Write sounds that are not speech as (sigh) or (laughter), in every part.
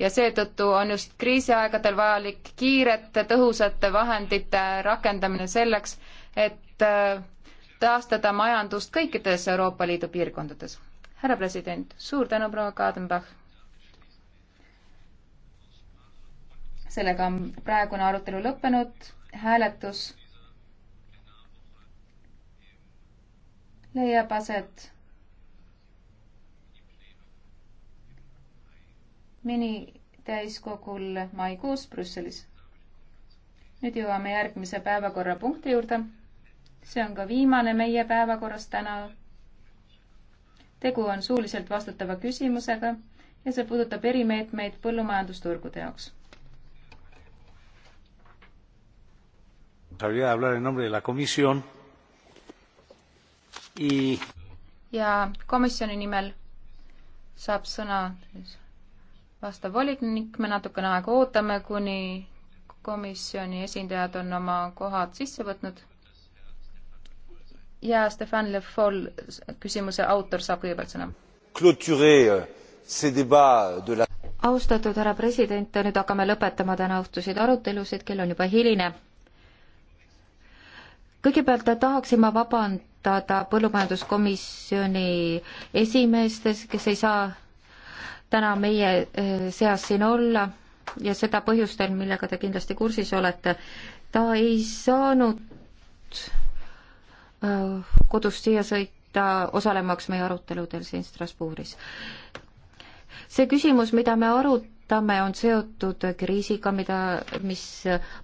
ja seetõttu on just kriisiaegadel vajalik kiirete tõhusate vahendite rakendamine selleks, et äh, taastada majandust kõikides Euroopa Liidu piirkondades. härra president, suur tänu, proua Kadenbach. sellega on praegune arutelu lõppenud, hääletus leiab aset minitäiskogul maikuus Brüsselis. nüüd jõuame järgmise päevakorrapunkti juurde. see on ka viimane meie päevakorras täna. tegu on suuliselt vastutava küsimusega ja see puudutab erimeetmeid põllumajandusturgude jaoks. ja komisjoni nimel saab sõna vastav volinik, me natukene aega ootame, kuni komisjoni esindajad on oma kohad sisse võtnud. ja Stefan Le Foll, küsimuse autor, saab kõigepealt sõna. Euh, la... austatud härra president, nüüd hakkame lõpetama täna õhtuseid arutelusid, kell on juba hiline. kõigepealt tahaksin ma vabandada põllumajanduskomisjoni esimeestes, kes ei saa täna meie eh, seas siin olla ja seda põhjustel, millega te kindlasti kursis olete. ta ei saanud eh, kodust siia sõita osalemaks meie aruteludel siin Strasbourgis. see küsimus, mida me arutame, on seotud kriisiga, mida, mis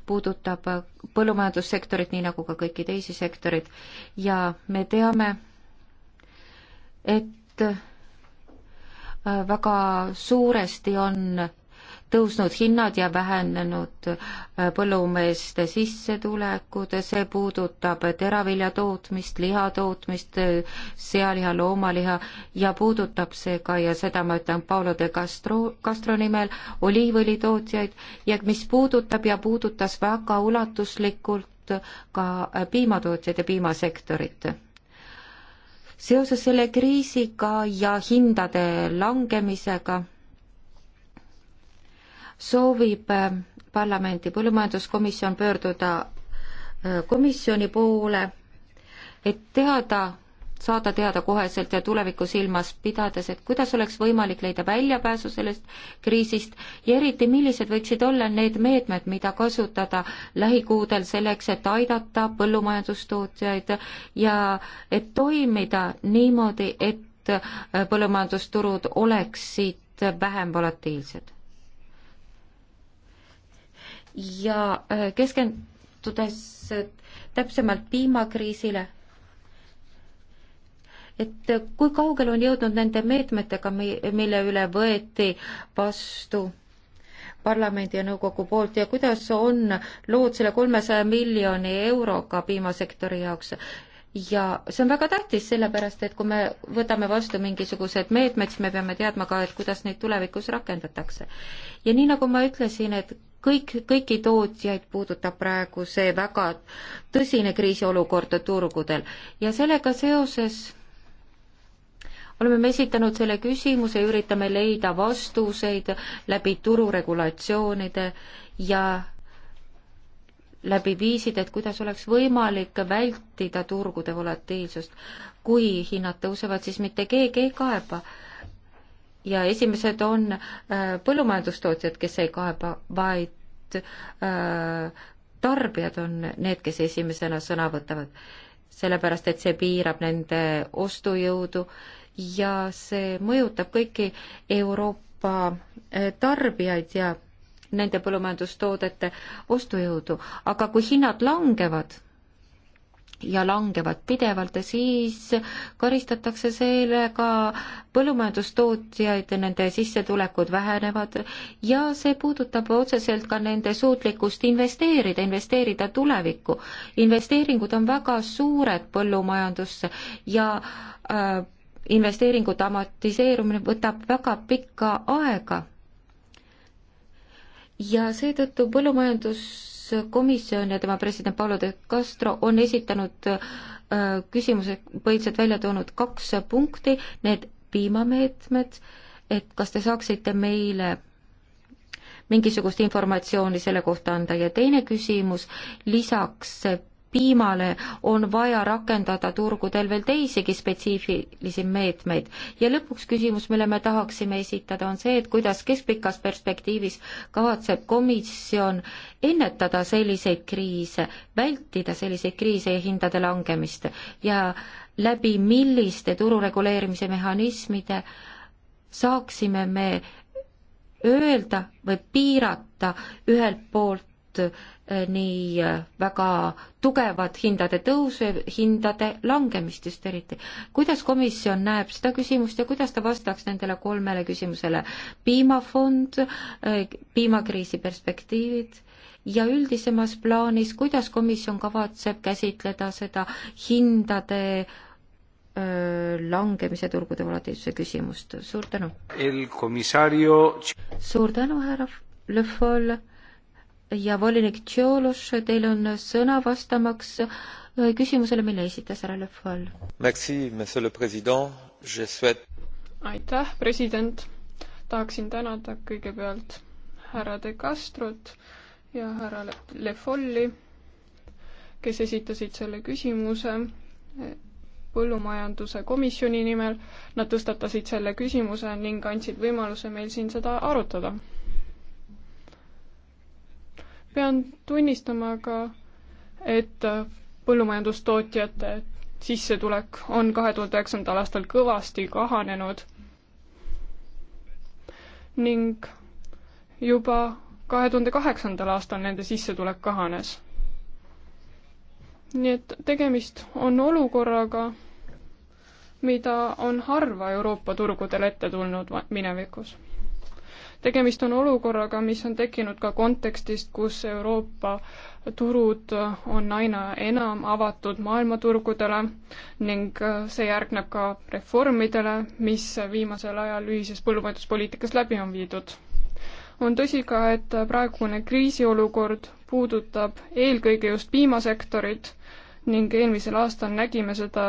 puudutab põllumajandussektorit, nii nagu ka kõiki teisi sektoreid ja me teame, et Äh, väga suuresti on tõusnud hinnad ja vähenenud äh, põllumeeste sissetulekud, see puudutab teravilja tootmist, liha tootmist, äh, sealiha, loomaliha ja puudutab see ka ja seda ma ütlen Paolo de Castro, Castro nimel, oliivõlitootjaid ja mis puudutab ja puudutas väga ulatuslikult ka piimatootjaid ja piimasektorit seoses selle kriisiga ja hindade langemisega soovib äh, parlamendi põllumajanduskomisjon pöörduda äh, komisjoni poole, et teada saada teada koheselt ja tulevikku silmas pidades, et kuidas oleks võimalik leida väljapääsu sellest kriisist ja eriti, millised võiksid olla need meetmed, mida kasutada lähikuudel selleks, et aidata põllumajandustootjaid ja et toimida niimoodi, et äh, põllumajandusturud oleksid vähem volatiilsed. ja äh, keskendudes täpsemalt piimakriisile et kui kaugele on jõudnud nende meetmetega, mille üle võeti vastu parlamendi ja nõukogu poolt ja kuidas on lood selle kolmesaja miljoni euroga piimasektori jaoks? ja see on väga tähtis, sellepärast et kui me võtame vastu mingisugused meetmed, siis me peame teadma ka, et kuidas neid tulevikus rakendatakse. ja nii, nagu ma ütlesin, et kõik, kõiki tootjaid puudutab praegu see väga tõsine kriisiolukord turgudel ja sellega seoses oleme me esitanud selle küsimuse ja üritame leida vastuseid läbi tururegulatsioonide ja läbi viisid, et kuidas oleks võimalik vältida turgude volatiilsust. kui hinnad tõusevad, siis mitte keegi ei kaeba. ja esimesed on äh, põllumajandustootjad, kes ei kaeba, vaid äh, tarbijad on need, kes esimesena sõna võtavad. sellepärast, et see piirab nende ostujõudu äh, ja see mõjutab kõiki Euroopa eh, tarbijaid ja nende põllumajandustoodete ostujõudu, aga kui hinnad langevad, ja langevad pidevalt ja siis karistatakse sellega põllumajandustootjaid, nende sissetulekud vähenevad ja see puudutab otseselt ka nende suutlikkust investeerida, investeerida tulevikku. investeeringud on väga suured põllumajandusse ja äh, investeeringute amortiseerumine võtab väga pikka aega. ja seetõttu põllumajanduskomisjon ja tema president Paolo de Castro on esitanud äh, küsimuse põhiliselt välja toonud kaks punkti, need piimameetmed, et kas te saaksite meile mingisugust informatsiooni selle kohta anda ja teine küsimus, lisaks piimale on vaja rakendada turgudel veel teisigi spetsiifilisi meetmeid. ja lõpuks küsimus, mille me tahaksime esitada, on see, et kuidas keskpikas perspektiivis kavatseb komisjon ennetada selliseid kriise, vältida selliseid kriise ja hindade langemist ja läbi milliste turureguleerimise mehhanismide saaksime me öelda või piirata ühelt poolt olnud äh, nii äh, väga tugevat hindade tõusu ja hindade langemist just eriti. kuidas komisjon näeb seda küsimust ja kuidas ta vastaks nendele kolmele küsimusele? piimafond, äh, piimakriisi perspektiivid ja üldisemas plaanis, kuidas komisjon kavatseb käsitleda seda hindade langemise turgude volatiivsuse küsimust. suur tänu! Komisario... suur tänu, härra Le Foll! ja volinik Tšiolos, teil on sõna vastamaks äh, küsimusele, mille esitas härra Le Foll. aitäh, president. tahaksin tänada kõigepealt härra De Castrot ja härra Le Folli, kes esitasid selle küsimuse eh, põllumajanduse komisjoni nimel. Nad tõstatasid selle küsimuse ning andsid võimaluse meil siin seda arutada pean tunnistama ka, et põllumajandustootjate sissetulek on kahe tuhande üheksandal aastal kõvasti kahanenud ning juba kahe tuhande kaheksandal aastal nende sissetulek kahanes. nii et tegemist on olukorraga, mida on harva Euroopa turgudel ette tulnud minevikus tegemist on olukorraga, mis on tekkinud ka kontekstist, kus Euroopa turud on aina enam avatud maailmaturgudele ning äh, see järgneb ka reformidele, mis viimasel ajal ühises põllumajanduspoliitikas läbi on viidud. on tõsi ka, et praegune kriisiolukord puudutab eelkõige just piimasektorit ning eelmisel aastal nägime seda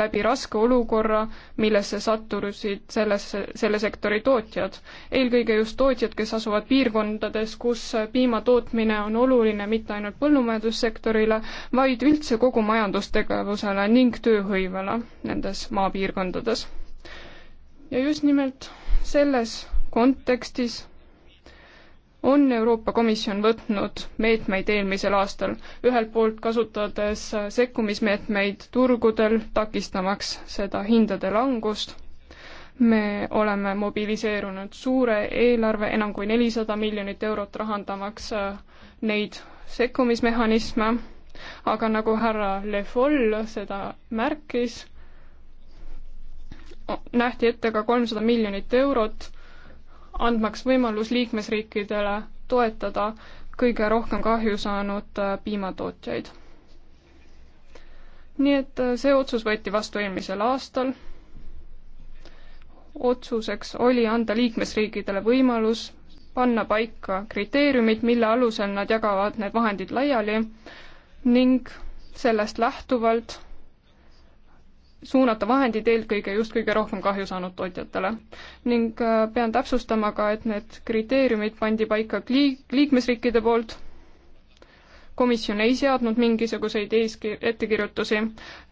läbi raske olukorra, millesse sattusid sellesse, selle sektori tootjad. eelkõige just tootjad, kes asuvad piirkondades, kus piima tootmine on oluline mitte ainult põllumajandussektorile, vaid üldse kogu majandustegevusele ning tööhõivele nendes maapiirkondades. ja just nimelt selles kontekstis on Euroopa Komisjon võtnud meetmeid eelmisel aastal, ühelt poolt kasutades sekkumismeetmeid turgudel, takistamaks seda hindade langust, me oleme mobiliseerunud suure eelarve, enam kui nelisada miljonit eurot rahandamaks äh, neid sekkumismehhanisme, aga nagu härra Le Foll seda märkis, nähti ette ka kolmsada miljonit eurot andmaks võimalus liikmesriikidele toetada kõige rohkem kahju saanud äh, piimatootjaid. nii et äh, see otsus võeti vastu eelmisel aastal. otsuseks oli anda liikmesriikidele võimalus panna paika kriteeriumid, mille alusel nad jagavad need vahendid laiali ning sellest lähtuvalt suunata vahendid eelkõige just kõige rohkem kahju saanud tootjatele. ning äh, pean täpsustama ka, et need kriteeriumid pandi paika liik-, liikmesriikide poolt, komisjon ei seadnud mingisuguseid eeskir-, ettekirjutusi,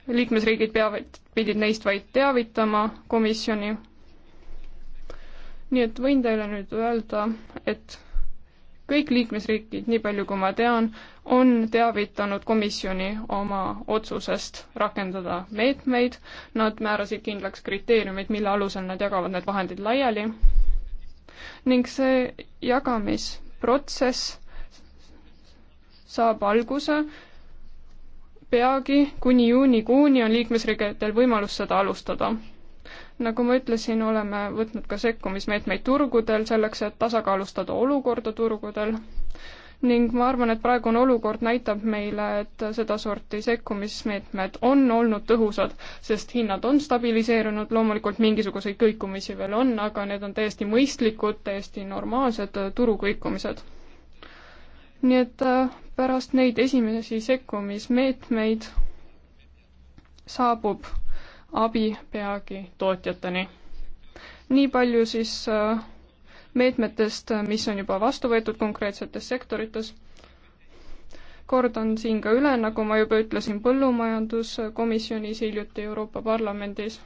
liikmesriigid peavad, pidid neist vaid teavitama komisjoni, nii et võin teile nüüd öelda, et kõik liikmesriigid, nii palju kui ma tean, on teavitanud komisjoni oma otsusest rakendada meetmeid, nad määrasid kindlaks kriteeriumid, mille alusel nad jagavad need vahendid laiali ning see jagamisprotsess saab alguse peagi, kuni juunikuuni on liikmesriikidel võimalus seda alustada. nagu ma ütlesin, oleme võtnud ka sekkumismeetmeid turgudel selleks, et tasakaalustada olukorda turgudel ning ma arvan, et praegune olukord näitab meile, et sedasorti sekkumismeetmed on olnud tõhusad, sest hinnad on stabiliseerunud, loomulikult mingisuguseid kõikumisi veel on, aga need on täiesti mõistlikud, täiesti normaalsed äh, turukõikumised. nii et äh, pärast neid esimesi sekkumismeetmeid saabub abi peagi tootjateni. nii palju siis äh, meetmetest, mis on juba vastu võetud konkreetsetes sektorites. kordan siin ka üle, nagu ma juba ütlesin põllumajanduskomisjonis hiljuti Euroopa Parlamendis.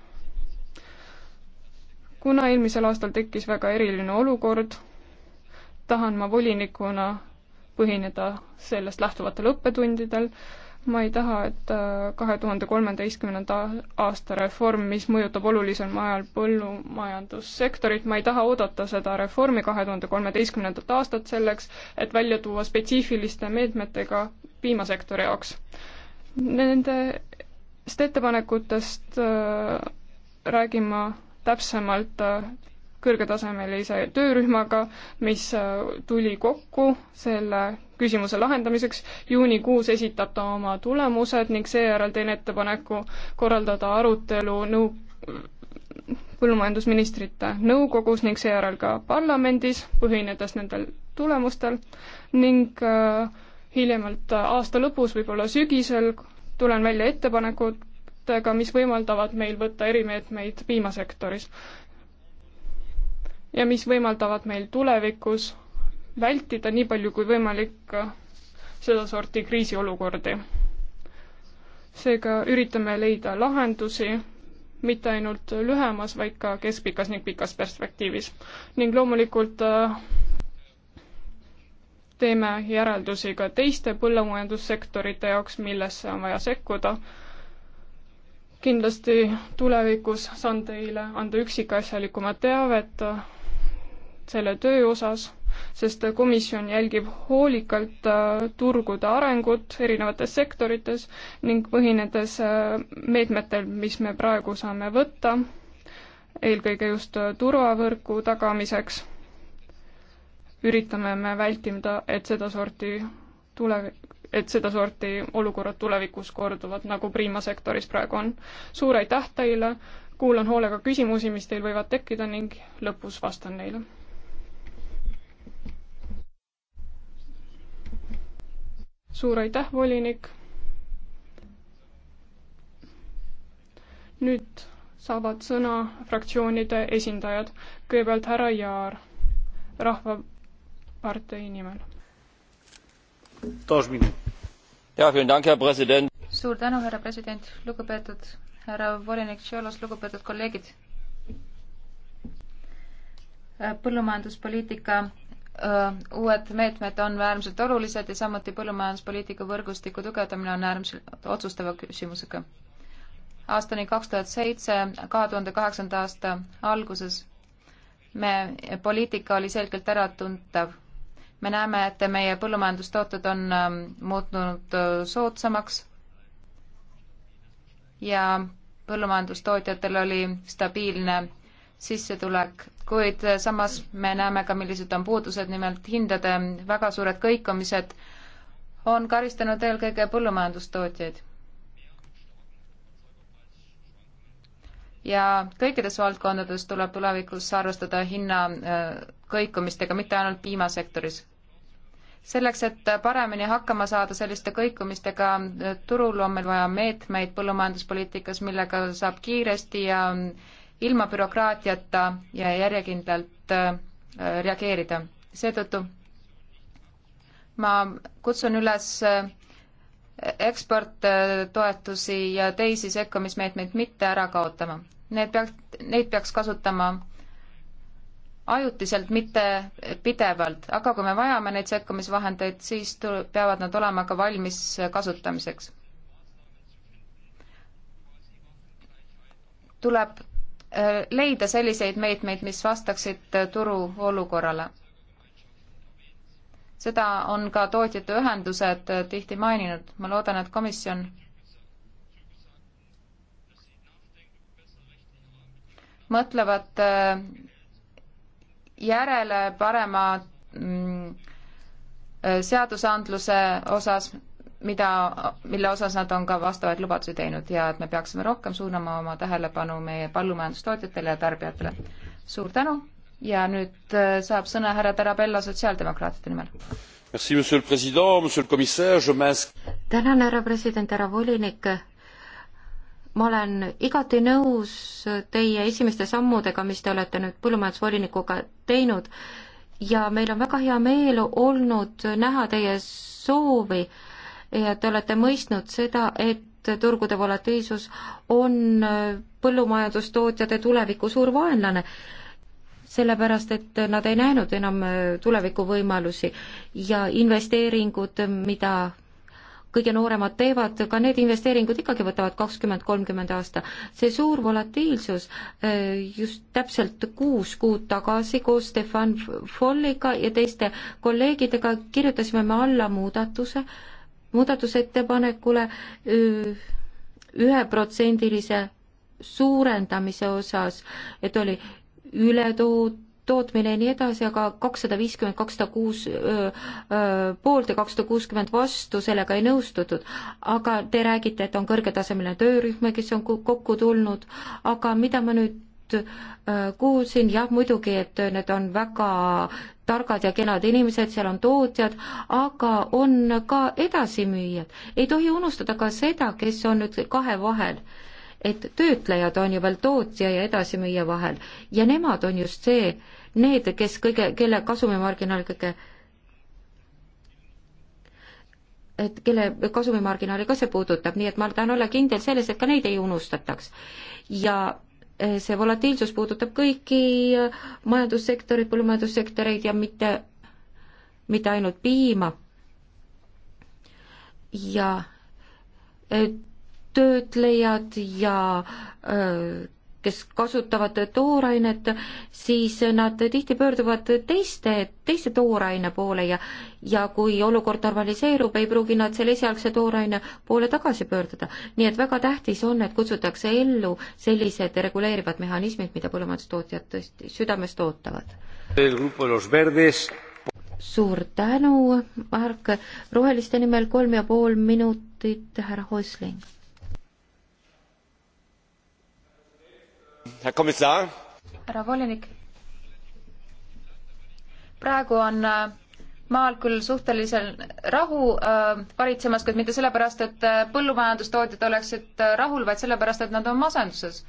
kuna eelmisel aastal tekkis väga eriline olukord, tahan ma volinikuna põhineda sellest lähtuvatel õppetundidel ma ei taha, et äh, kahe tuhande kolmeteistkümnenda aasta reform, mis mõjutab olulisel määral põllumajandussektorit, ma ei taha oodata seda reformi kahe tuhande kolmeteistkümnendat aastat selleks, et välja tuua spetsiifiliste meetmetega piimasektori jaoks. Nendest ettepanekutest äh, räägin ma täpsemalt äh, kõrgetasemelise töörühmaga, mis äh, tuli kokku selle küsimuse lahendamiseks. juunikuus esitab ta oma tulemused ning seejärel teen ettepaneku korraldada arutelu nõu-, põllumajandusministrite nõukogus ning seejärel ka parlamendis, põhinedes nendel tulemustel ning äh, hiljemalt aasta lõpus, võib-olla sügisel, tulen välja ettepanekutega, mis võimaldavad meil võtta erimeetmeid piimasektoris ja mis võimaldavad meil tulevikus vältida nii palju kui võimalik äh, sedasorti kriisiolukordi. seega üritame leida lahendusi mitte ainult lühemas, vaid ka keskpikas ning pikas perspektiivis. ning loomulikult äh, teeme järeldusi ka teiste põllumajandussektorite jaoks, millesse on vaja sekkuda. kindlasti tulevikus saan teile anda üksikasjalikumat teavet äh, selle töö osas, sest komisjon jälgib hoolikalt äh, turgude arengut erinevates sektorites ning põhinedes äh, meetmetel, mis me praegu saame võtta, eelkõige just äh, turvavõrku tagamiseks, üritame me vältida, et sedasorti tule, et sedasorti olukorrad tulevikus korduvad, nagu priimasektoris praegu on. suur aitäh teile, kuulan hoolega küsimusi, mis teil võivad tekkida ning lõpus vastan neile suur aitäh, volinik. nüüd saavad sõna fraktsioonide esindajad. kõigepealt härra Jaar Rahvapartei nimel. suur tänu, härra president, lugupeetud härra volinik Tšolos, lugupeetud kolleegid. põllumajanduspoliitika uued meetmed on äärmiselt olulised ja samuti põllumajanduspoliitika võrgustiku tugevdamine on äärmiselt otsustava küsimusega. aastani kaks tuhat seitse, kahe tuhande kaheksanda aasta alguses me, poliitika oli selgelt äratuntav. me näeme, et meie põllumajandustooted on ähm, muutunud soodsamaks ja põllumajandustootjatel oli stabiilne sissetulek, kuid samas me näeme ka, millised on puudused, nimelt hindade väga suured kõikumised on karistanud eelkõige põllumajandustootjaid. ja kõikides valdkondades tuleb tulevikus arvestada hinna äh, kõikumistega, mitte ainult piimasektoris. selleks, et paremini hakkama saada selliste kõikumistega äh, turul, on meil vaja meetmeid põllumajanduspoliitikas, millega saab kiiresti ja ilma bürokraatiata ja järjekindlalt äh, reageerida. seetõttu ma kutsun üles äh, eksporttoetusi äh, ja teisi sekkumismeetmeid mitte ära kaotama. Need peaks, neid peaks kasutama ajutiselt, mitte pidevalt, aga kui me vajame neid sekkumisvahendeid, siis peavad nad olema ka valmis kasutamiseks. tuleb Äh, leida selliseid meetmeid, mis vastaksid äh, turu olukorrale. seda on ka tootjate ühendused äh, tihti maininud, ma loodan, et komisjon mõtlevad järele parema mm, seadusandluse osas mida, mille osas nad on ka vastavaid lubadusi teinud ja et me peaksime rohkem suunama oma tähelepanu meie põllumajandustootjatele ja tarbijatele. suur tänu ja nüüd äh, saab sõna härra Tarabella sotsiaaldemokraatide nimel. tänan, härra president, härra volinik. ma olen igati nõus teie esimeste sammudega, mis te olete nüüd põllumajandusvolinikuga teinud ja meil on väga hea meel olnud näha teie soovi äh, ja te olete mõistnud seda, et turgude volatiilsus on äh, põllumajandustootjate tuleviku suur vaenlane, sellepärast et nad ei näinud enam äh, tulevikuvõimalusi ja investeeringud, mida kõige nooremad teevad, ka need investeeringud ikkagi võtavad kakskümmend, kolmkümmend aasta. see suur volatiilsus äh, just täpselt kuus kuud tagasi koos Stefan Folliga ja teiste kolleegidega kirjutasime me alla muudatuse, muudatusettepanekule üheprotsendilise suurendamise osas, et oli ületoot-, tootmine ja nii edasi, aga kakssada viiskümmend, kakssada kuus poolt ja kakssada kuuskümmend vastu, sellega ei nõustutud. aga te räägite, et on kõrgetasemeline töörühm, kes on kokku tulnud, aga mida ma nüüd Äh, kuulsin, jah, muidugi, et need on väga targad ja kenad inimesed, seal on tootjad, aga on ka edasimüüjad. ei tohi unustada ka seda, kes on nüüd kahe vahel et töötlejad on ju veel tootja ja edasimüüja vahel ja nemad on just see, need, kes kõige, kelle kasumimarginaal kõige et kelle kasumimarginaali ka see puudutab, nii et ma tahan olla kindel selles, et ka neid ei unustataks. ja see volatiilsus puudutab kõiki majandussektoreid, põllumajandussektoreid ja mitte, mitte ainult piima. ja äh, töötlejad ja öö, äh, kes kasutavad toorainet, siis nad tihti pöörduvad teiste, teise tooraine poole ja ja kui olukord normaliseerub, ei pruugi nad selle esialgse tooraine poole tagasi pöörduda. nii et väga tähtis on, et kutsutakse ellu sellised reguleerivad mehhanismid, mida põllumajandustootjad tõesti südamest ootavad. suur tänu, Mark, roheliste nimel kolm ja pool minutit, härra Hosling härra volinik praegu on äh, maal küll suhtelisel rahu äh, valitsemas, kuid mitte sellepärast, et äh, põllumajandustootjad oleksid äh, rahul, vaid sellepärast, et nad on masenduses.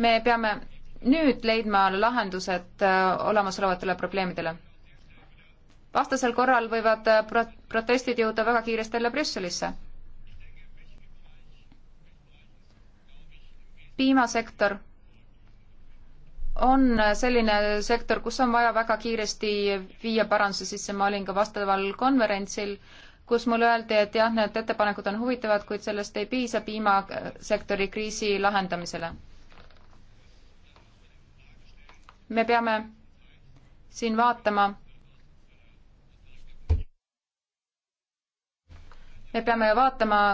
me peame nüüd leidma lahendused äh, olemasolevatele probleemidele. vastasel korral võivad pro protestid jõuda väga kiiresti jälle Brüsselisse piimasektor on selline sektor, kus on vaja väga kiiresti viia paranduse sisse, ma olin ka vastaval konverentsil, kus mulle öeldi, et jah, need ettepanekud on huvitavad, kuid sellest ei piisa piimasektori kriisi lahendamisele. me peame siin vaatama, me peame vaatama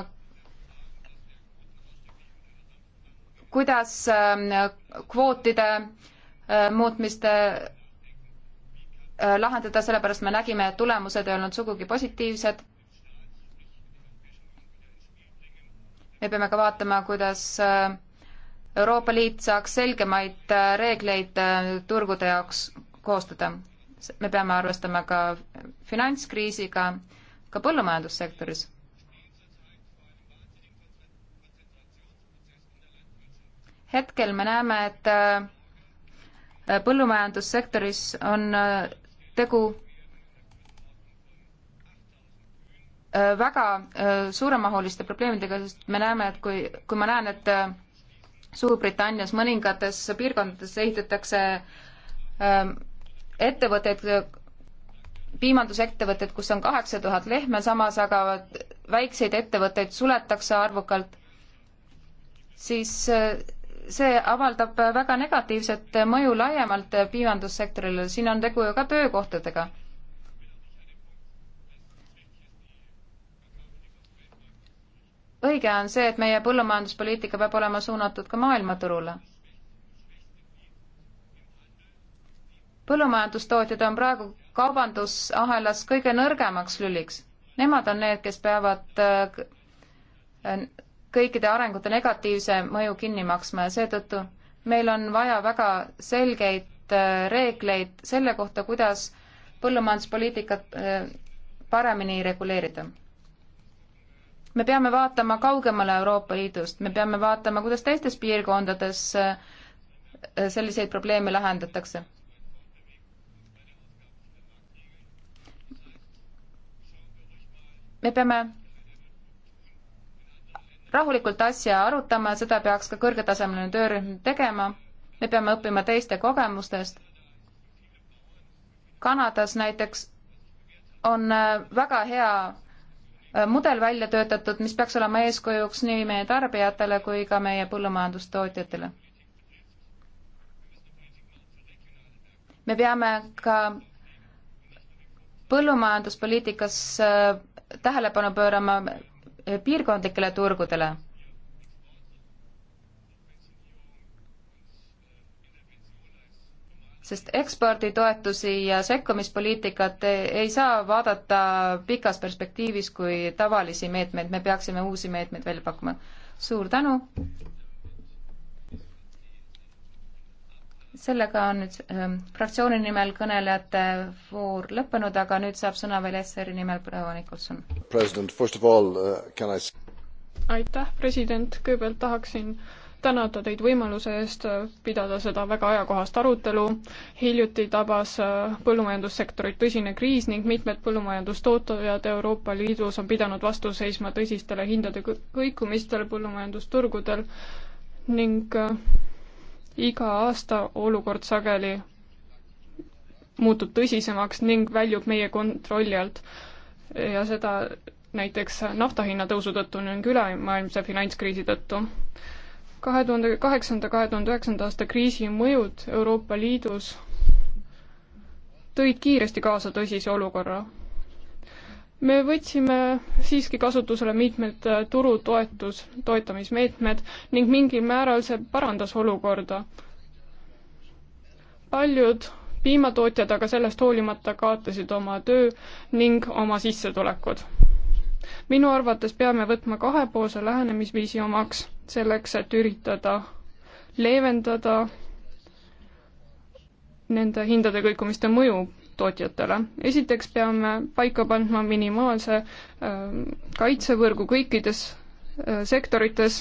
kuidas ähm, kvootide äh, muutmiste äh, lahendada, sellepärast me nägime, et tulemused ei olnud sugugi positiivsed. me peame ka vaatama, kuidas äh, Euroopa Liit saaks selgemaid reegleid turgude jaoks koostada. me peame arvestama ka finantskriisiga, ka põllumajandussektoris hetkel me näeme, et äh, põllumajandussektoris on äh, tegu äh, väga suuremahuliste probleemidega, sest me näeme, et kui, kui ma näen, et Suurbritannias mõningates piirkondades ehitatakse ähm, ettevõtteid, piimandusettevõtteid, kus on kaheksa tuhat lehme, samas aga väikseid ettevõtteid suletakse arvukalt, siis see avaldab väga negatiivset mõju laiemalt piimandussektorile, siin on tegu ju ka töökohtadega. õige on see, et meie põllumajanduspoliitika peab olema suunatud ka maailmaturule. põllumajandustootjad on praegu kaubandusahelas kõige nõrgemaks lüliks. Nemad on need, kes peavad äh, kõikide arengute negatiivse mõju kinni maksma ja seetõttu meil on vaja väga selgeid äh, reegleid selle kohta, kuidas põllumajanduspoliitikat äh, paremini reguleerida. me peame vaatama kaugemale Euroopa Liidust, me peame vaatama, kuidas teistes piirkondades äh, selliseid probleeme lahendatakse. me peame rahulikult asja arutama ja seda peaks ka kõrgetasemeline töörühm tegema. me peame õppima teiste kogemustest. Kanadas näiteks on äh, väga hea äh, mudel välja töötatud, mis peaks olema eeskujuks nii meie tarbijatele kui ka meie põllumajandustootjatele. me peame ka põllumajanduspoliitikas äh, tähelepanu pöörama piirkondlikele turgudele. sest eksporditoetusi ja sekkumispoliitikat ei saa vaadata pikas perspektiivis kui tavalisi meetmeid, me peaksime uusi meetmeid välja pakkuma. suur tänu! sellega on nüüd ähm, fraktsiooni nimel kõnelejate voor lõppenud, aga nüüd saab sõna veel SR-i nimel proua Nikolson. Uh, aitäh, president, kõigepealt tahaksin tänada teid võimaluse eest äh, pidada seda väga ajakohast arutelu. hiljuti tabas äh, põllumajandussektorit tõsine kriis ning mitmed põllumajandustootjad Euroopa Liidus on pidanud vastu seisma tõsistele hindade kõikumistele põllumajandusturgudel ning äh, iga aasta olukord sageli muutub tõsisemaks ning väljub meie kontrolli alt ja seda näiteks nafta hinna tõusu tõttu ning ülemaailmse finantskriisi tõttu. kahe tuhande kaheksanda, kahe tuhande üheksanda aasta kriisi mõjud Euroopa Liidus tõid kiiresti kaasa tõsise olukorra me võtsime siiski kasutusele mitmed äh, turutoetus, toetamismeetmed ning mingil määral see parandas olukorda. paljud piimatootjad aga sellest hoolimata kaotasid oma töö ning oma sissetulekud. minu arvates peame võtma kahepoolse lähenemisviisi omaks, selleks et üritada leevendada nende hindade kõikumiste mõju tootjatele. esiteks peame paika pandma minimaalse äh, kaitsevõrgu kõikides äh, sektorites,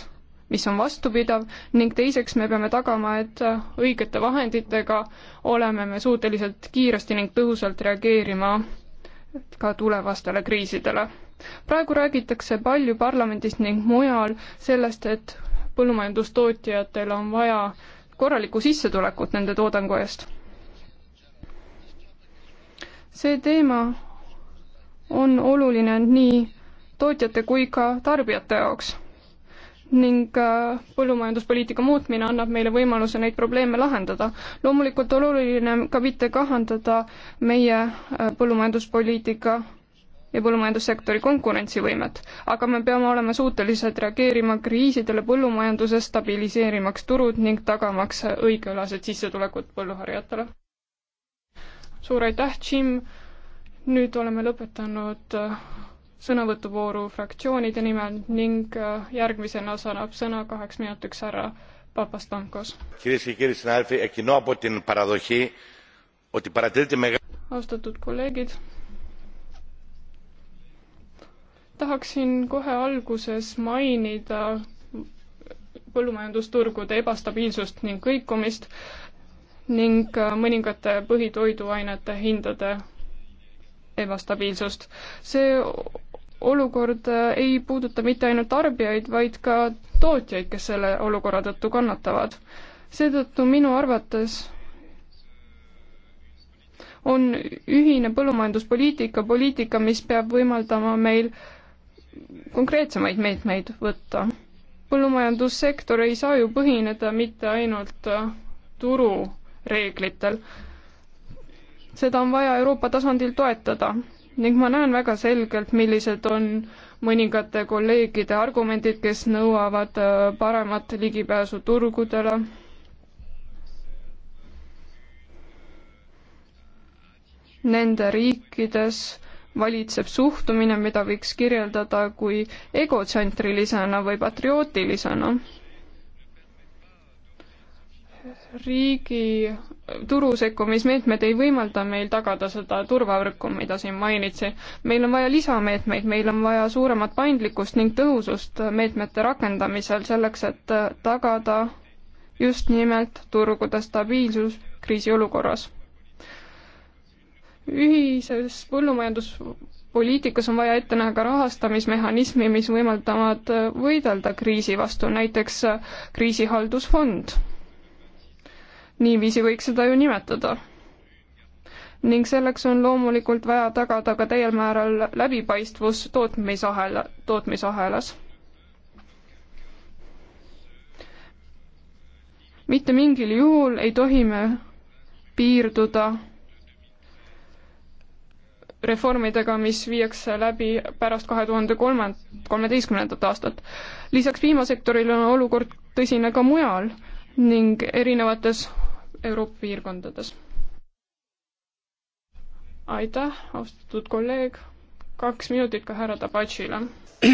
mis on vastupidav, ning teiseks me peame tagama, et äh, õigete vahenditega oleme me suutelised kiiresti ning tõhusalt reageerima ka tulevastele kriisidele. praegu räägitakse palju parlamendis ning mujal sellest, et põllumajandustootjatel on vaja korralikku sissetulekut nende toodangu eest see teema on oluline nii tootjate kui ka tarbijate jaoks. ning äh, põllumajanduspoliitika muutmine annab meile võimaluse neid probleeme lahendada. loomulikult oluline ka mitte kahandada meie äh, põllumajanduspoliitika ja põllumajandussektori konkurentsivõimet, aga me peame olema suutelised reageerima kriisidele põllumajanduses, stabiliseerimaks turud ning tagamaks õigeülased sissetulekud põlluharjatele suur aitäh, Jim. nüüd oleme lõpetanud äh, sõnavõtuvooru fraktsioonide nimel ning äh, järgmisena saab sõna kaheks minutiks härra Papastamkos. austatud kolleegid tahaksin kohe alguses mainida põllumajandusturgude ebastabiilsust ning kõikumist ning äh, mõningate põhitoiduainete hindade ebastabiilsust. see olukord äh, ei puuduta mitte ainult tarbijaid, vaid ka tootjaid, kes selle olukorra tõttu kannatavad. seetõttu minu arvates on ühine põllumajanduspoliitika poliitika, mis peab võimaldama meil konkreetsemaid meetmeid võtta. põllumajandussektor ei saa ju põhineda mitte ainult äh, turu reeglitel. seda on vaja Euroopa tasandil toetada ning ma näen väga selgelt, millised on mõningate kolleegide argumendid, kes nõuavad äh, paremat ligipääsu turgudele nende riikides valitseb suhtumine, mida võiks kirjeldada kui egotsentrilisena või patriootilisena riigi turu sekkumismeetmed ei võimalda meil tagada seda turvavõrku, mida siin mainiti. meil on vaja lisameetmeid, meil on vaja suuremat paindlikkust ning tõhusust meetmete rakendamisel selleks, et tagada just nimelt turgude stabiilsus kriisiolukorras. ühises põllumajanduspoliitikas on vaja ette näha ka rahastamismehhanismi, mis võimaldavad võidelda kriisi vastu, näiteks kriisihaldusfond niiviisi võiks seda ju nimetada. ning selleks on loomulikult vaja tagada ka täiel määral läbipaistvus tootmisahela, tootmisahelas mitte mingil juhul ei tohi me piirduda reformidega, mis viiakse läbi pärast kahe tuhande kolme, kolmeteistkümnendat aastat. lisaks piimasektorile on olukord tõsine ka mujal ning erinevates Euroopa piirkondades. aitäh, austatud kolleeg, kaks minutit ka härra Tabatšile. (clears throat)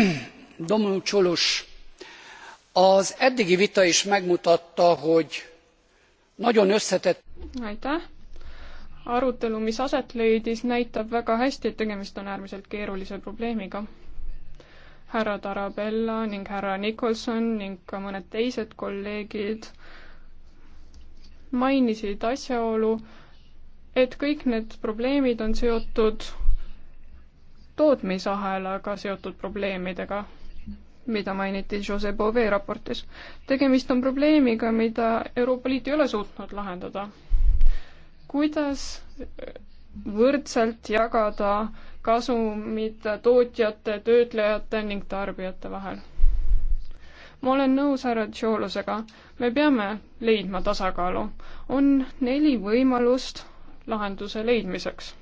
Domnul Tšulus, az eddigi vita is megmutatta, hogy nagyon összetett aitäh! arutelu, mis aset leidis, näitab väga hästi, et tegemist on äärmiselt keerulise probleemiga. härra Tarabella ning härra Nicholson ning ka mõned teised kolleegid mainisid asjaolu, et kõik need probleemid on seotud tootmisahelaga seotud probleemidega, mida mainiti Jose Bove raportis. tegemist on probleemiga, mida Euroopa Liit ei ole suutnud lahendada. kuidas võrdselt jagada kasumid tootjate, töötlejate ning tarbijate vahel? ma olen nõus härra Tšoolusega, me peame leidma tasakaalu. on neli võimalust lahenduse leidmiseks.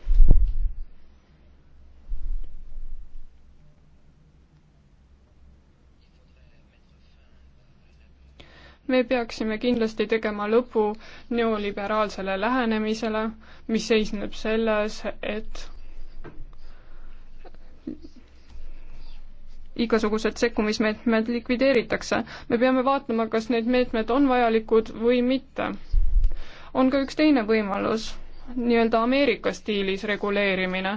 me peaksime kindlasti tegema lõpu neoliberaalsele lähenemisele, mis seisneb selles, et igasugused sekkumismeetmed likvideeritakse. me peame vaatama, kas need meetmed on vajalikud või mitte. on ka üks teine võimalus, nii-öelda Ameerika stiilis reguleerimine,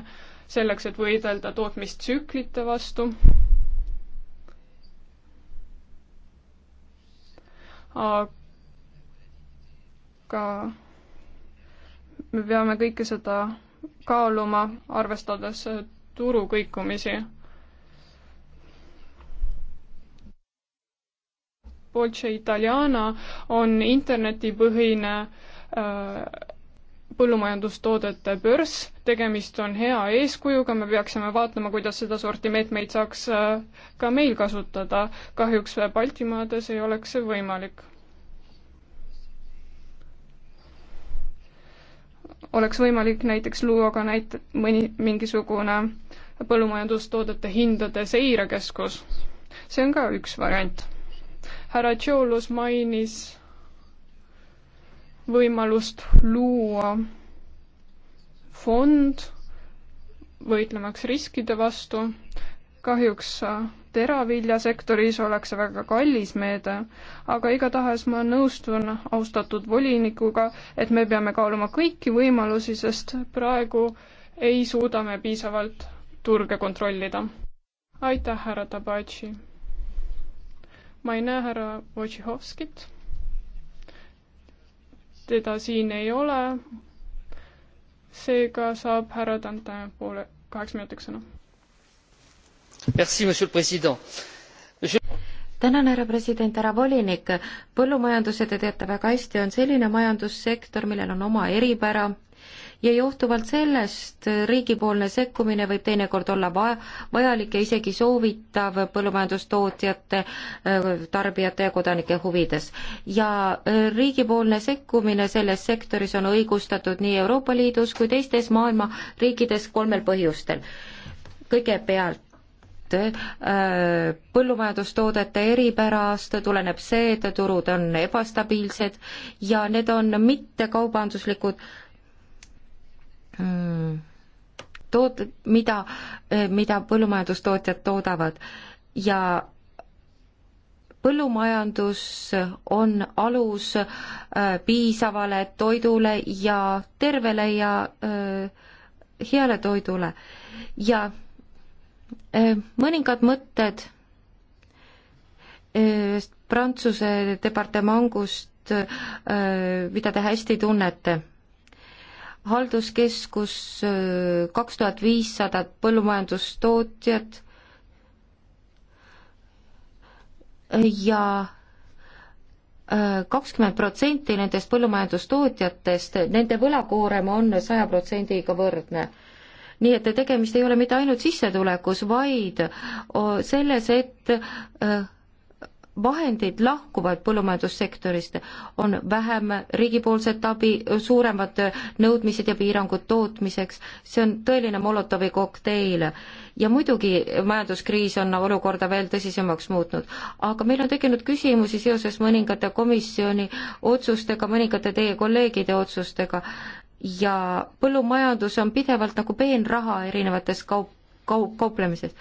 selleks, et võidelda tootmistsüklite vastu. aga me peame kõike seda kaaluma, arvestades turu kõikumisi Polce Italiana on internetipõhine äh, põllumajandustoodete börs, tegemist on hea eeskujuga, me peaksime vaatama, kuidas sedasorti meetmeid saaks äh, ka meil kasutada. kahjuks Baltimaades ei oleks see võimalik. oleks võimalik näiteks luua ka näit-, mõni, mingisugune põllumajandustoodete hindade seirekeskus. see on ka üks variant härra Tšoulus mainis võimalust luua fond võitlemaks riskide vastu. kahjuks teraviljasektoris oleks see väga kallis meede, aga igatahes ma nõustun austatud volinikuga, et me peame kaaluma kõiki võimalusi, sest praegu ei suuda me piisavalt turge kontrollida. aitäh, härra Tabatši! ma ei näe härra Wojciechowskit. teda siin ei ole. seega saab härra Dante poole kaheks minutiks sõna. Merci, monsieur le president tänan, härra president, härra volinik, põllumajandus, ja te teate väga hästi, on selline majandussektor, millel on oma eripära, ja johtuvalt sellest riigipoolne sekkumine võib teinekord olla vaja, vajalik ja isegi soovitav põllumajandustootjate, tarbijate ja kodanike huvides. ja äh, riigipoolne sekkumine selles sektoris on õigustatud nii Euroopa Liidus kui teistes maailma riikides kolmel põhjustel. kõigepealt äh, põllumajandustoodete eripärast tuleneb see, et turud on ebastabiilsed ja need on mittekaubanduslikud toot-, mida, mida põllumajandustootjad toodavad ja põllumajandus on alus äh, piisavale toidule ja tervele ja äh, heale toidule ja äh, mõningad mõtted Prantsuse departamangust, mida te hästi tunnete halduskeskus, kaks tuhat viissada põllumajandustootjat ja kakskümmend protsenti nendest põllumajandustootjatest, nende võlakoorem on saja protsendiga võrdne. nii et tegemist ei ole mitte ainult sissetulekus, vaid selles, et vahendid lahkuvad põllumajandussektorist, on vähem riigipoolset abi, suuremad nõudmised ja piirangud tootmiseks, see on tõeline Molotovi kokteil. ja muidugi majanduskriis on olukorda veel tõsisemaks muutnud, aga meil on tekkinud küsimusi seoses mõningate komisjoni otsustega, mõningate teie kolleegide otsustega ja põllumajandus on pidevalt nagu peenraha erinevates kaup-, kaup-, kauplemises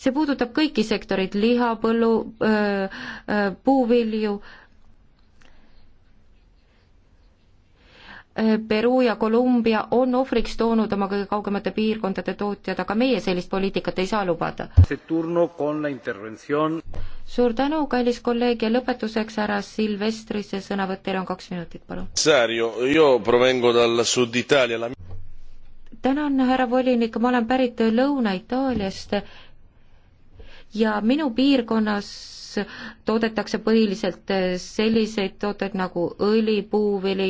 see puudutab kõiki sektoreid, liha, põllu, puuvilju. Peru ja Kolumbia on ohvriks toonud oma kõige kaugemate piirkondade tootjad, aga meie sellist poliitikat ei saa lubada. suur tänu, kallis kolleeg ja lõpetuseks härra Silvestrisse sõnavõtt, teil on kaks minutit, palun tänan, härra volinik, ma olen pärit Lõuna-Itaaliast ja minu piirkonnas toodetakse põhiliselt eh, selliseid tooteid nagu õli, puuvili,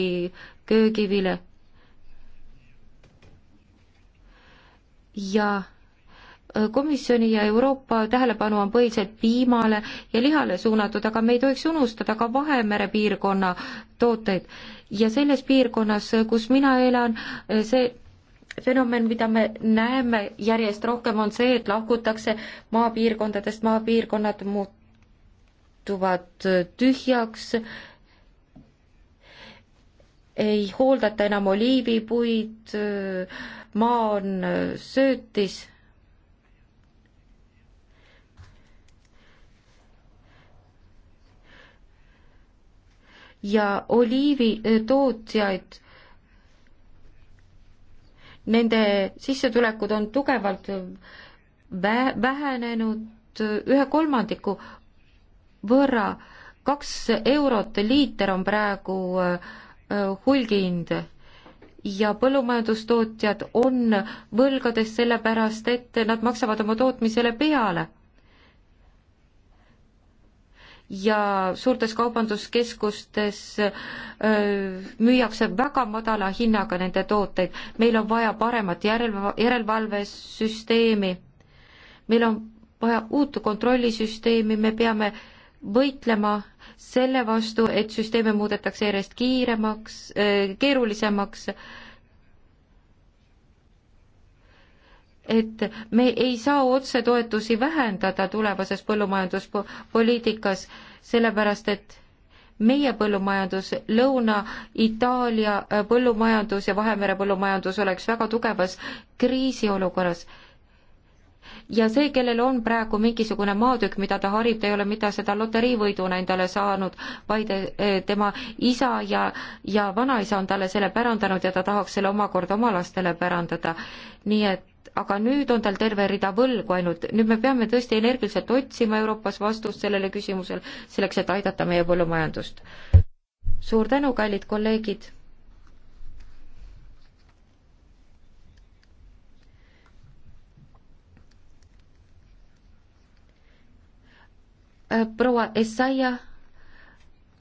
köögivile ja eh, komisjoni ja Euroopa tähelepanu on põhiliselt piimale ja lihale suunatud, aga me ei tohiks unustada ka Vahemere piirkonna tooteid. ja selles piirkonnas, eh, kus mina elan, see fenomen, mida me näeme järjest rohkem, on see, et lahkutakse maapiirkondadest, maapiirkonnad muutuvad tühjaks, ei hooldata enam oliivipuid, maa on söötis ja oliivitootjaid nende sissetulekud on tugevalt vä-, vähenenud ühe kolmandiku võrra, kaks eurot liiter on praegu äh, äh, hulgihind ja põllumajandustootjad on võlgades sellepärast, et nad maksavad oma tootmisele peale ja suurtes kaubanduskeskustes äh, müüakse väga madala hinnaga nende tooteid. meil on vaja paremat järelva-, järelevalvesüsteemi, meil on vaja uut kontrollisüsteemi, me peame võitlema selle vastu, et süsteeme muudetakse järjest kiiremaks, äh, keerulisemaks äh, et me ei saa otsetoetusi vähendada tulevases põllumajanduspoliitikas, sellepärast et meie põllumajandus, Lõuna-Itaalia äh, põllumajandus ja Vahemere põllumajandus oleks väga tugevas kriisiolukorras. ja see, kellel on praegu mingisugune maatükk, mida ta harib, ta ei ole mitte seda loteriivõiduna endale saanud, vaid äh, tema isa ja, ja vanaisa on talle selle pärandanud ja ta tahaks selle omakorda oma lastele pärandada. nii et aga nüüd on tal terve rida võlgu ainult, nüüd me peame tõesti energiliselt otsima Euroopas vastust sellele küsimusele, selleks et aidata meie põllumajandust. suur tänu, kallid kolleegid! proua Essaia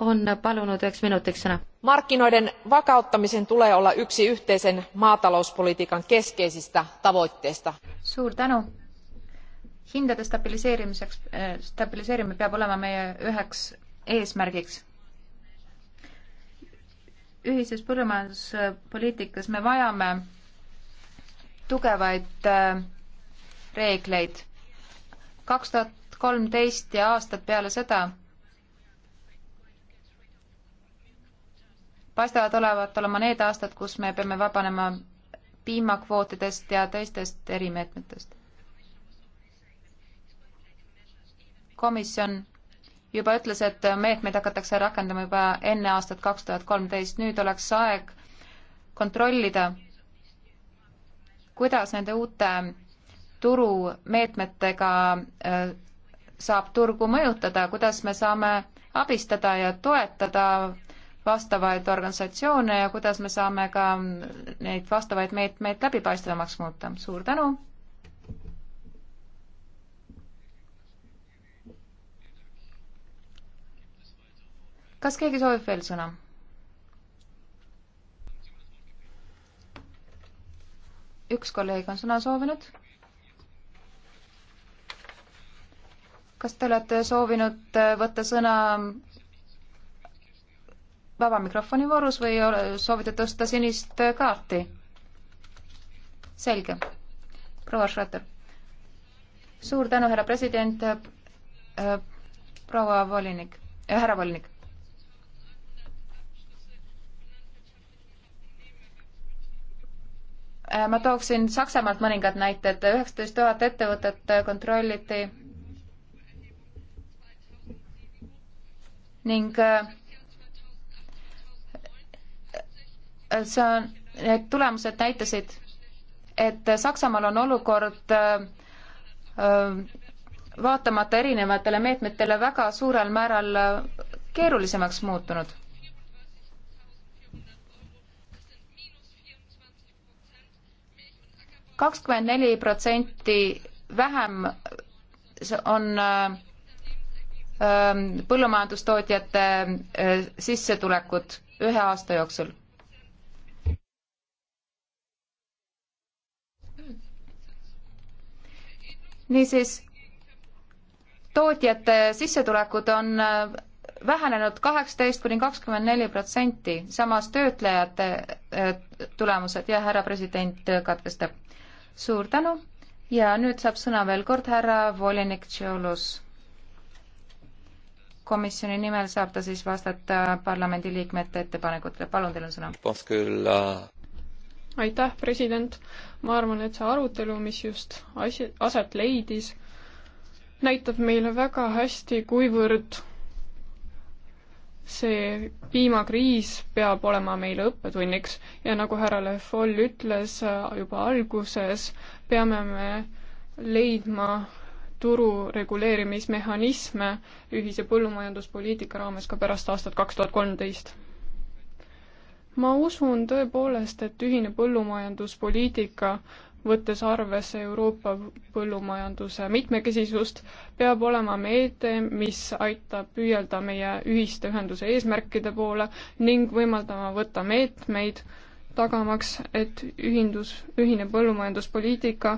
on palunud üheks minutiks sõna. markkinoiden vakauttamisen tulee olla yksi yhteisen maatalouspolitiikan keskeisistä tavoitteista. suur tänu. hindade stabiliseerimiseks äh,, stabiliseerimine peab olema meie üheks eesmärgiks ühises põllumajanduspoliitikas me vajame tugevaid äh, reegleid. kaks tuhat kolmteist ja aastad peale seda paistavad olevat olema need aastad, kus me peame vabanema piimakvootidest ja teistest erimeetmetest. komisjon juba ütles, et meetmeid hakatakse rakendama juba enne aastat kaks tuhat kolmteist, nüüd oleks aeg kontrollida, kuidas nende uute turumeetmetega äh, saab turgu mõjutada, kuidas me saame abistada ja toetada vastavaid organisatsioone ja kuidas me saame ka neid vastavaid meetmeid läbipaistvamaks muuta. suur tänu! kas keegi soovib veel sõna? üks kolleeg on sõna soovinud. kas te olete soovinud võtta sõna vaba mikrofoni voorus või soovite tõsta sinist kaarti? selge. proua Schroeder. suur tänu, härra president, äh, äh, proua volinik, äh, härra volinik. ma tooksin Saksamaalt mõningad näited, üheksateist tuhat ettevõtet kontrolliti ning see on, need tulemused näitasid, et Saksamaal on olukord äh, äh, vaatamata erinevatele meetmetele väga suurel määral äh, keerulisemaks muutunud. kakskümmend neli protsenti vähem on põllumajandustootjate sissetulekud ühe aasta jooksul niisiis, tootjate sissetulekud on äh, vähenenud kaheksateist kuni kakskümmend neli protsenti, samas töötlejate äh, tulemused ja härra president katkestab. suur tänu ja nüüd saab sõna veel kord härra volinik Tšiolus. komisjoni nimel saab ta siis vastata parlamendiliikmete ettepanekutele, palun, teil on sõna aitäh, president. ma arvan, et see arutelu, mis just asi, aset leidis, näitab meile väga hästi, kuivõrd see piimakriis peab olema meile õppetunniks ja nagu härra Le Foll ütles äh, juba alguses, peame me leidma turu reguleerimismehhanisme ühise põllumajanduspoliitika raames ka pärast aastat kaks tuhat kolmteist ma usun tõepoolest, et ühine põllumajanduspoliitika, võttes arvesse Euroopa põllumajanduse mitmekesisust, peab olema meede, mis aitab püüelda meie ühiste ühenduse eesmärkide poole ning võimaldama võtta meetmeid, tagamaks, et ühindus, ühine põllumajanduspoliitika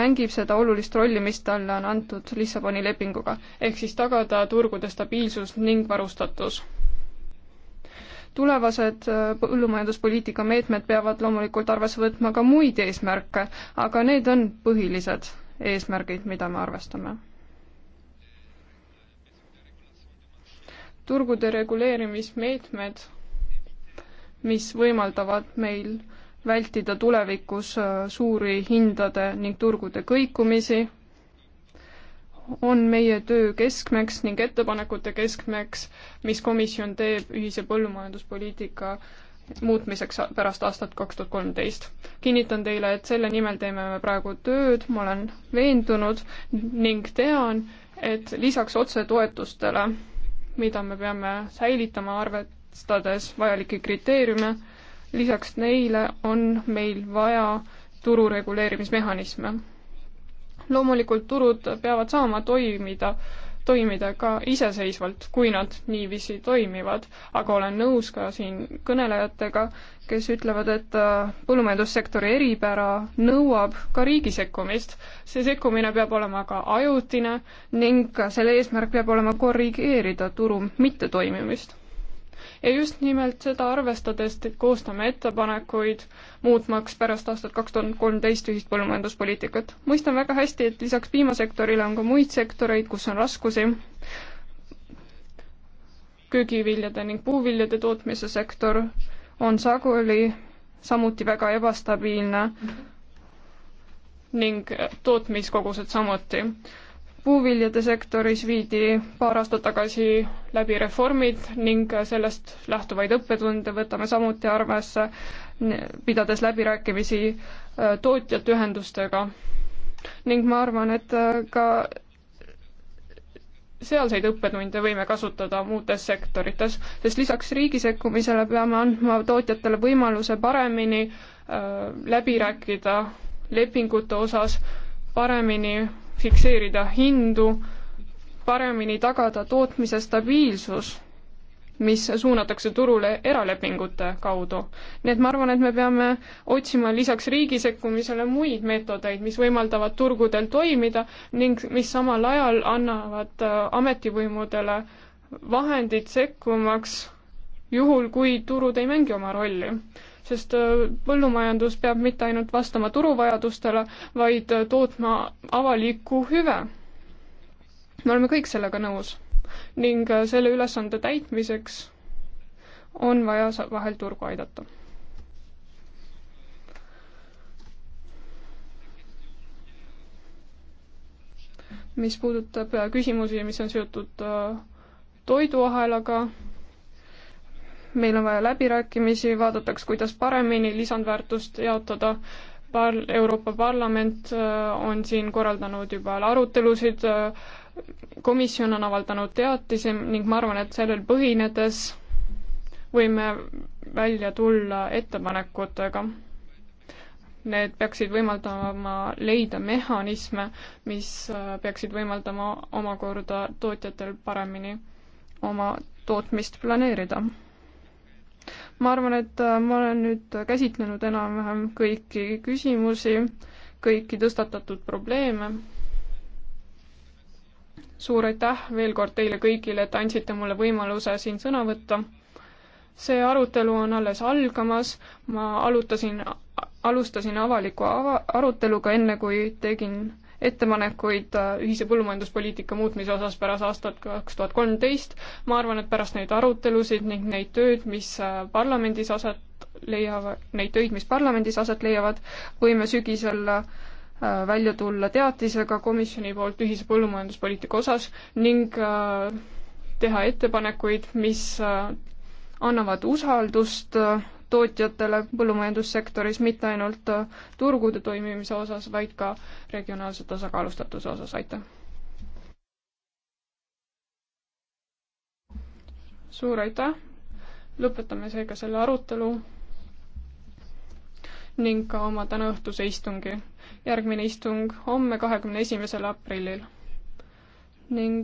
mängib seda olulist rolli, mis talle on antud Lissaboni lepinguga, ehk siis tagada turgude stabiilsus ning varustatus tulevased äh, põllumajanduspoliitika meetmed peavad loomulikult arvesse võtma ka muid eesmärke, aga need on põhilised eesmärgid, mida me arvestame. turgude reguleerimismeetmed, mis võimaldavad meil vältida tulevikus äh, suuri hindade ning turgude kõikumisi on meie töö keskmeks ning ettepanekute keskmeks, mis komisjon teeb ühise põllumajanduspoliitika muutmiseks pärast aastat kaks tuhat kolmteist. kinnitan teile, et selle nimel teeme me praegu tööd, ma olen veendunud ning tean, et lisaks otsetoetustele, mida me peame säilitama, arvestades vajalikke kriteeriume, lisaks neile on meil vaja turu reguleerimismehhanisme loomulikult turud peavad saama toimida, toimida ka iseseisvalt, kui nad niiviisi toimivad, aga olen nõus ka siin kõnelejatega, kes ütlevad, et äh, põllumajandussektori eripära nõuab ka riigi sekkumist. see sekkumine peab olema ka ajutine ning selle eesmärk peab olema korrigeerida turu mittetoimimist ja just nimelt seda arvestades koostame ettepanekuid, muutmaks pärast aastat kaks tuhat kolmteist ühist põllumajanduspoliitikat. mõistan väga hästi, et lisaks piimasektorile on ka muid sektoreid, kus on raskusi, köögiviljade ning puuviljade tootmise sektor on sageli samuti väga ebastabiilne ning tootmiskogused samuti puuviljade sektoris viidi paar aastat tagasi läbi reformid ning sellest lähtuvaid õppetunde võtame samuti arvesse, pidades läbirääkimisi äh, tootjate ühendustega. ning ma arvan, et äh, ka sealseid õppetunde võime kasutada muutes sektorites, sest lisaks riigi sekkumisele peame andma tootjatele võimaluse paremini äh, läbi rääkida lepingute osas, paremini fikseerida hindu, paremini tagada tootmise stabiilsus, mis suunatakse turule eralepingute kaudu. nii et ma arvan, et me peame otsima lisaks riigi sekkumisele muid meetodeid, mis võimaldavad turgudel toimida ning mis samal ajal annavad äh, ametivõimudele vahendid sekkumaks juhul, kui turud ei mängi oma rolli sest äh, põllumajandus peab mitte ainult vastama turuvajadustele, vaid äh, tootma avalikku hüve. me oleme kõik sellega nõus ning äh, selle ülesande täitmiseks on vaja vahel turgu aidata. mis puudutab küsimusi, mis on seotud toiduahelaga, meil on vaja läbirääkimisi, vaadatakse, kuidas paremini lisandväärtust jaotada, par-, Euroopa Parlament äh, on siin korraldanud juba arutelusid, äh, komisjon on avaldanud teatisi ning ma arvan, et sellel põhinedes võime välja tulla ettepanekutega. Need peaksid võimaldama leida mehhanisme, mis äh, peaksid võimaldama omakorda tootjatel paremini oma tootmist planeerida ma arvan, et äh, ma olen nüüd käsitlenud enam-vähem kõiki küsimusi, kõiki tõstatatud probleeme. suur aitäh veel kord teile kõigile, et andsite mulle võimaluse siin sõna võtta. see arutelu on alles algamas, ma alutasin, alustasin avaliku ava-, aruteluga enne, kui tegin ettepanekuid äh, ühise põllumajanduspoliitika muutmise osas pärast aastat kaks tuhat kolmteist. ma arvan, et pärast neid arutelusid ning neid tööd, mis äh, parlamendis aset leiavad, neid töid, mis parlamendis aset leiavad, võime sügisel äh, välja tulla teatisega komisjoni poolt ühise põllumajanduspoliitika osas ning teha ettepanekuid, mis annavad usaldust tootjatele põllumajandussektoris, mitte ainult äh, turgude toimimise osas, vaid ka regionaalse tasakaalustatuse osas, aitäh! suur aitäh! lõpetame seega selle arutelu ning ka oma tänaõhtuse istungi. järgmine istung homme, kahekümne esimesel aprillil ning